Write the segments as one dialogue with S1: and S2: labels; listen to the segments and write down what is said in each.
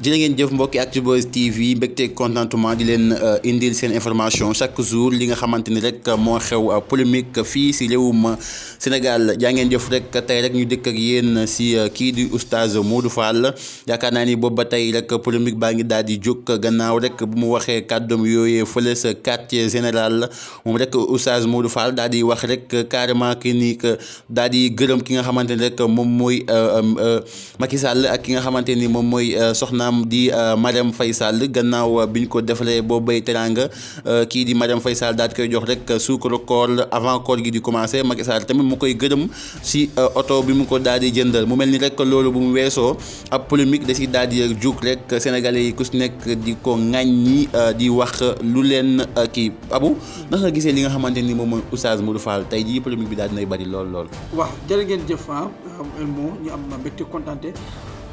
S1: dina ngeen jëf mbokki Actubuzz TV mbégte contentement di leen euh, indil seen information chaque jour li nga xamante ni rek moo xew euh, polémique fii si réewum euh, Sénégal jaa ngeen jëf rek tey rek ñu dëkk ak yéen si kii di oustaz Modou Fall yaakaar naa ni boobu ba tey rek polémique baa ngi daal di jóg gannaaw rek bu mu waxee kàddoom yooyee fële sa quartier général moom rek oustaz Modou Fall daal di wax rek carrément ki ni daal di gërëm ki nga xamante ni moom mooy Macky Sall ak ki nga xamante ni moom mooy soxna am di euh, Marème Faye Sall gannaaw euh, bi ñu ko defalee boo bay teranga euh, kii di Marème Faye Sall koy jox rek suukaru koor avant koor gi di commencé Macky tamit mu koy gërëm si oto bi mu ko daal di jëndal mu mel ni rek loolu bu mu weesoo ab polémique da si daal di jug rek sénégalais yi ku si nekk di ko ñi di wax lu leen kii abu ndax nga gisee li nga xamante ni moom mooy Oustaz Modou Fall tey jii polémique bi daal dinay bari lool lool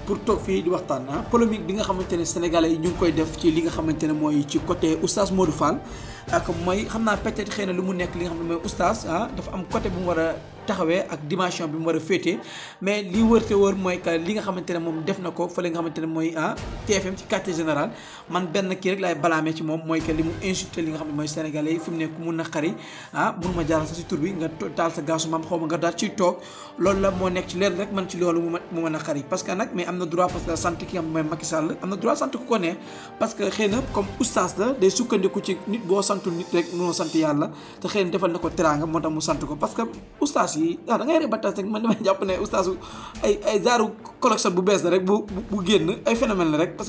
S2: pour toog fii di waxtaan ah polémique bi xamante ne sénégalais yi ñu ngi koy def ci li nga xamante ne mooy ci côté oustaz Modou Fall. ak mooy xam naa peut-être xëy na lu mu nekk li nga xam ne mooy oustaz ah dafa am côté bu mu war a taxawee ak dimension bi mu war a féetee mais li wër mooy que mooy ah li mu insulté li nga xam ne mooy sénégalais fi mu nekk mun na xari ah mun sa si bi nga taal sa gaasu maam xaw ma nga daal ciy toog loolu la moo nekk ci leen rek man ci loolu mu mu mën a xari parce que nag mais am na droit sant ki ko ne parce que xëy comme oustaz la day sukkandiku santul nit rek mënoo sant yàlla te xëy na defal na ko teraanga moo tax mu sant ko parce que yi ah rek battaas rek man damay jàpp ne ustaasu ay genre collection rek bu bu que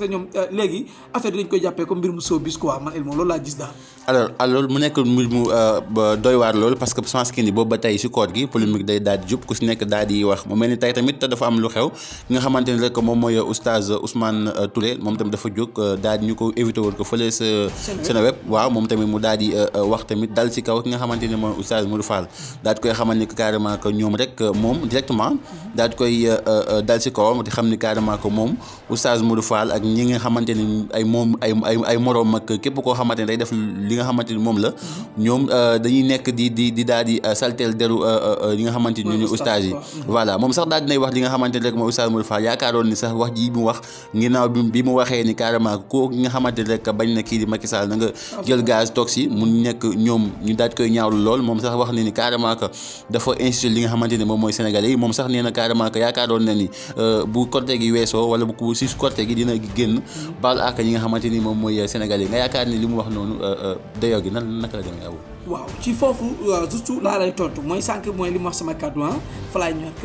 S2: ñoom euh, léegi affaire yi dañ koy jàppee comme mbir mu soo bis quoi man el moom loolu laa gis
S1: daal alors mu nekk mbir mu euh, doy loolu parce que sans que boobu ba tey si koor gi polémique day daal di jub ku si nekk daal di wax mu mel ni tey tamit te dafa am lu xew ki nga xamante ni rek moom mooy oustaz Ousmane euh, Touré moom tamit dafa jóg daal di ñu ko éviter woon ko fële mu daal di euh, euh, wax tamit dal si kaw ki nga xamante ni mooy oustaz Modou Fall daal di koy xamal ni carrément que ñoom rek euh, moom directement daal di koy dal si kawam di xam ni carrément que moom oustaz Modou Fall ak ñi nga xamante ni ay moom ay ay ay moroom ak képp koo xamante ni day def li nga xamante ni moom la ñoom dañuy nekk di di di daal di saltel deru li nga xamante ni ñu oustaz yi mm-hmm. voilà moom sax daal dinay wax li nga xamante ni rek mooy oustaz Modou Fall yaakaaroon ni sax wax ji mu wax ginnaaw bi mu waxee ni carrément koo nga xamante ni rek bañ na kii di Macky Sall na nga ah, jël gaz tox yi mu nekk ñoom ñu daaj koy ñaawlu lool moom sax wax ne ni carrément que dafa institut li nga xamante ne moom mooy sénégalais yi moom sax nee euh, ni moom mooy euh, sénégalais yi nga yaakaar ni li mu wax noonu euh, dayoo gi nan naka la demee abu
S2: waaw ci foofu surtout laa lay tontu mooy sànq mooy li mu wax sama kàddu ah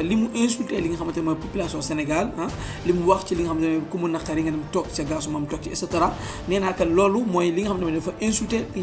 S2: li mu insulté li nga xamante ne mooy population Sénégal ah. li mu wax ci li nga xamante ne ku mu naqari nga dem toog sa gaasu moom toog ci et cetera nee loolu mooy li nga xamante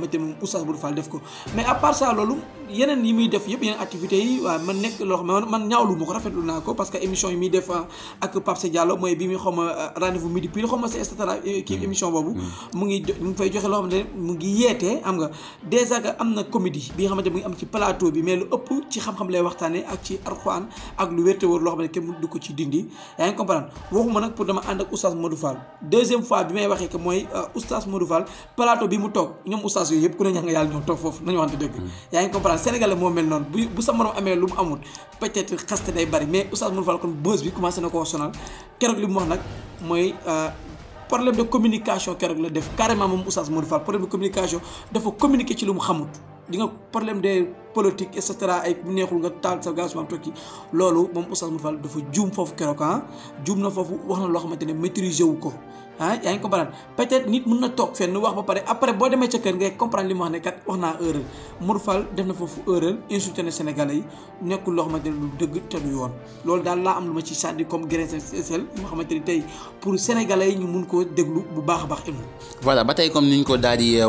S2: xamante moom Oustaz Modou Fall def ko mais à part a loolu yeneen yi muy def yëpp yeneen activités yi waaw man nekk loo xam man ñaawlu ma ko rafetlu naa ko parce que émission yi muy def ah, ak Pape Seye Diallo mooy bi muy xaw ma ah, rendez-vous midi pile xaw ma et cetera eh, kii mm. émission boobu mm. mu ngi mu ngi fay joxe loo xamante ne mu ngi yeetee am nga dèjà que am na comédie bi nga xamante mu ngi am ci plateau bi mais lu ëpp ci xam-xam lay waxtaane ak ci arxuaan ak lu wérte wóor loo xam ne kenn du ko ci dindi yaa ngi comprendre waxuma nag pour dama ànd ak oustaz Modou Fall deuxième fois bi may waxee que mooy ah, oustaz Modou Fall plateau bi mu toog ñoom oustaz yooyu yëpp ku ne ña nga yàlla ñoo toog foofu nañu waxante dëgg mm. yaa ngi comprendre sénégalais moo mel noonu bu bu sa morom amee lu mu amul peut-être xaste day bari mais Oustaz Modou Fall kon buzz bi commencé na koo sonal keroog li mu wax nag mooy euh, problème de communication keroog la def carrément moom Oustaz Modou Fall problème de communication dafa communiquer ci lu mu xamut di nga problème de politique et cetera ay neexul nga taal sa gaz maam toog loolu moom Oustaz Modou Fall dafa juum foofu keroog ah juum na foofu wax na loo ne maîtriser wu ko ah yaa ngi comprendre peut nit mun na toog fenn wax ba pare après boo demee ca kër ngay comprendre li mu wax nekkul loo ne lu dëgg te du yoon loolu daal laa am lu ma ci sànni comme grain sel yi nga xamante ni tey pour Sénégalais yi ñu mun koo déglu bu baax a baax ilmu
S1: voilà ba tey comme niñ ko daal euh,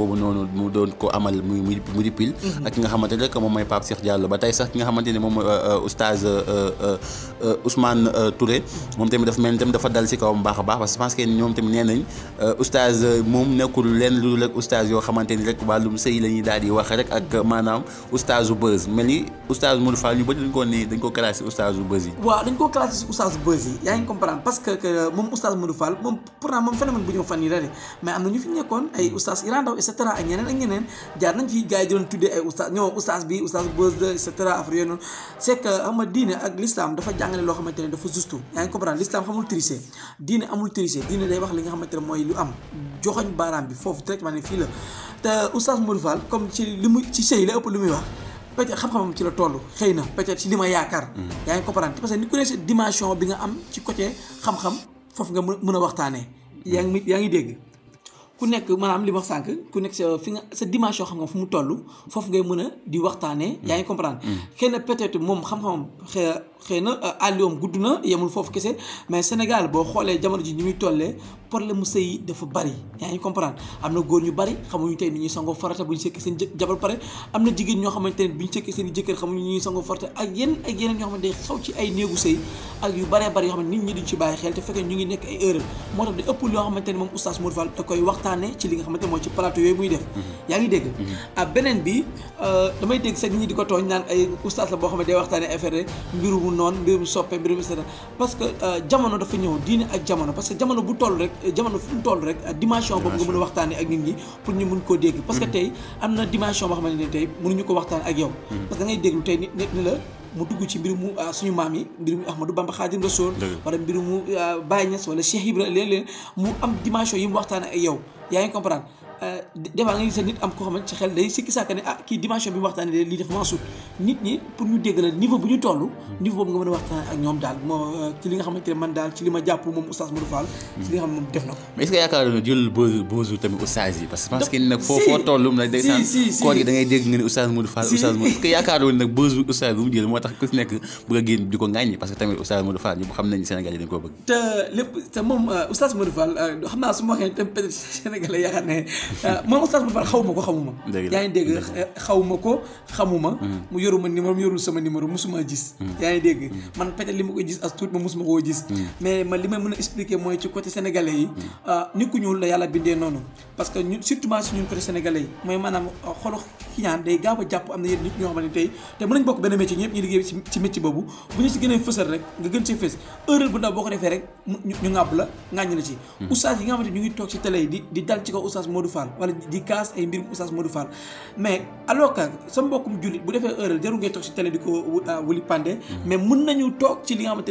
S1: boobu noonu mu doon ko amal muy mu di pile mhm. ak ki nga xamante ne rek moom mooy Pape Cheikh ba tey sax ki nga xamante ne moom a baax parce que je pense que ñoom tamit nee nañ euh, oustaz euh, moom nekkul lenn lu rek oustaz yoo xamante ni rek wàllum sëy la ñuy daal di wax rek ak euh, maanaam oustazu buzz mel ni oustaz Modou Fall ñu bëri dañ ko ne dañ ko classé oustazu buzz yi
S2: waaw dañ ko classé si oustaz buzz yi yaa ngi comprendre parce que moom oustaz moom pourtant moom bu ñëw fan yi la de mais am na ñu fi nekkoon ay oustaz Iran Ndaw cetera ak ñeneen ak ñeneen jaar nañ ci gars yi doon tuddee ay oustaz ñoo oustaz bi oustaz buzz et cetera affaire yooyu noonu c'est xam diine ak l'islam dafa jàngale loo xamante ne dafa juste yaa ngi comprendre l'islam xamul tricher diine amul tricher li nga xamante ne mooy lu am joxoñ baaraam bi foofu directement ne fii la te oustaz Modou comme ci mu ci sëy la ëpp lu muy wax peut-être xam-xamam ci la toll xëy na peut-être ci li ma yaakaar mm. yaa ngi comprendre parce que ni ku ne dimension bi nga am ci côté xam-xam foofu nga mën a waxtaanee yaa ngi yaa ngi dégg ku nekk maanaam li ma sànq ku nekk sa fi nga sa dimension xam nga fu mu toll foofu ngay mën a di waxtaanee mm. yaa ngi comprendre xëy mm. na peut-être moom xam-xamam xëy na euh, gudd na yemul foofu kese mais Sénégal boo xoolee jamono ji ni muy tollee problème sëy dafa bari yaa ngi comprendre am na góor ñu bari xamuñu tey ni ñuy sangoo farata bu ñu sëkkee seen jabar pare am na jigéen ñoo xamante ne bu ñu sëkkee seen jëkkër xamuñu sangoo farata ak yenn ak yeneen ñoo xamante ne xaw ci ay waxtaane ci li nga xamante mooy ci plateau yooyu muy def mhm. yaa ngi dégg mhm. ah beneen bi euh, damay dégg sax nit ñi di ko tooñ naan ay oustaz la boo xam ne day waxtaane affaire mbirum noon mbirum soppe mbirum sera parce que euh, jamono dafa ñëw diine ak jamono parce que jamono bu toll rek euh, jamono fu mu toll rek ah, dimension boobu nga mën a waxtaane ak nit ñi pour ñu mun koo dégg parce que mhm. tey am na dimension boo xamante ne tey mënuñu ko waxtaan ak yow parce que da ngay déglu la mu dugg ci mbirumu ah, suñu maam yi mbirumu Ahmadou Bamba Xaadim Rasool wala mbirumu mu ah, Niass wala Cheikh Ibra léeg-léeg mu am dimension yi mu waxtaan ak yow yaa ngi Euh, des fois nga gis nit am ko xamante ci xel day sikki sàkk ne ah kii dimension bi mu waxtaanee de lii dafa maa nit ñi pour ñu dégg la niveau bu a waxtaan ak ñoom daal moo euh, ci ne man daal ci li ma jàpp moom oustaz Modou Fall ci li nga xam def na ko
S1: mais mu jël moo a génn di tamit Sénégal yi dañ koo bëgg
S2: te lépp te moom euh, oustaz Modou xam naa su ma waxee tam peut-être Sénégal ne Euh, moom oustaz bu fal xaw ma ko xamuma yaa ngi dégg euh, xaw ma ko xamuma hmm. mu yoruma numéro mu yorul sama numéro musuma gis hmm. yaa ngi dégg hmm. man peut-être li ma koy gis as tuut ma musuma koo gis mais man li may mën a expliquer mooy ci côté sénégalais yi euh, nit ku ñuul la yàlla bindee noonu parce que ñun surtout si ñun côté sénégalais yi mooy maanaam xolu xiñaan day gaaw a jàpp am na yenn nit ñoo xamante ne tey te mën nañ bokk benn métier ñëpp ñu liggéey ci métier boobu bu ñu si gën a fësal rek nga gën see fës erreur bu ndaw boo ko defee rek ñu ngàbb la ngàññ la ci oustaz yi nga xamante ñu ngi toog si télé yi di di dal ci kaw oustaz Modou Fall Fall di kaas ay mbirum oustaz Modou Fall mais alors sa mbokkum jullit bu defee erreur jarul ngay toog si télé di ko euh, wuli pandé mm. mais mën nañu toog ci li nga mm, mm.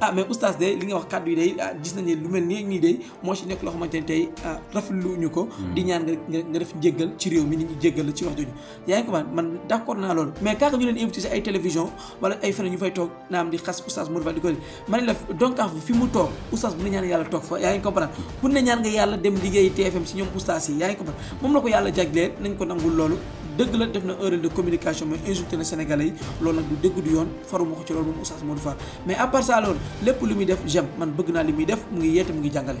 S2: Ah, wax kàddu yi day ah, gis nañu lu mel nii nii day moo si nekk loo xamante ne tey ah, rafetlu ñu ko di ñaan nga def jéggal ci réew mi nit ñi ci wax jooju yaa ngi comprendre man d' accord naa loolu mais kaaka ñu leen invité si ay télévision wala ay feneen ñu fay toog naam di xas oustaz Modou di ko ma dem liggéey TFM si ñoom oustaz yi yaa ngi ko man moom la ko yàlla jagleel nañ ko nangul loolu dëgg la def na erreur de communication mais insulté na sénégalais yi loolu nag du dëgg du yoon faru ko ci loolu moom oustaz Modou Fall mais à part lépp lu muy def j'aime man bëgg naa li muy def mu ngi yeete mu ngi jàngale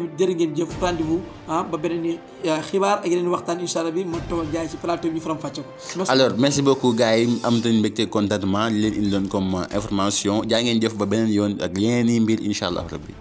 S2: tamit jërë ngeen jëf rendez-vous ah, ba beneen eh, xibaar ak yeneen waxtaan incha allah bi ma toog jaay ci plateau bi ñu faram fàcce ko. alors
S1: merci beaucoup gars yi am nañu mbégte contentement li leen indiloon comme information jaa ngeen jëf ba beneen yoon ak yeneen i mbir incha allah bi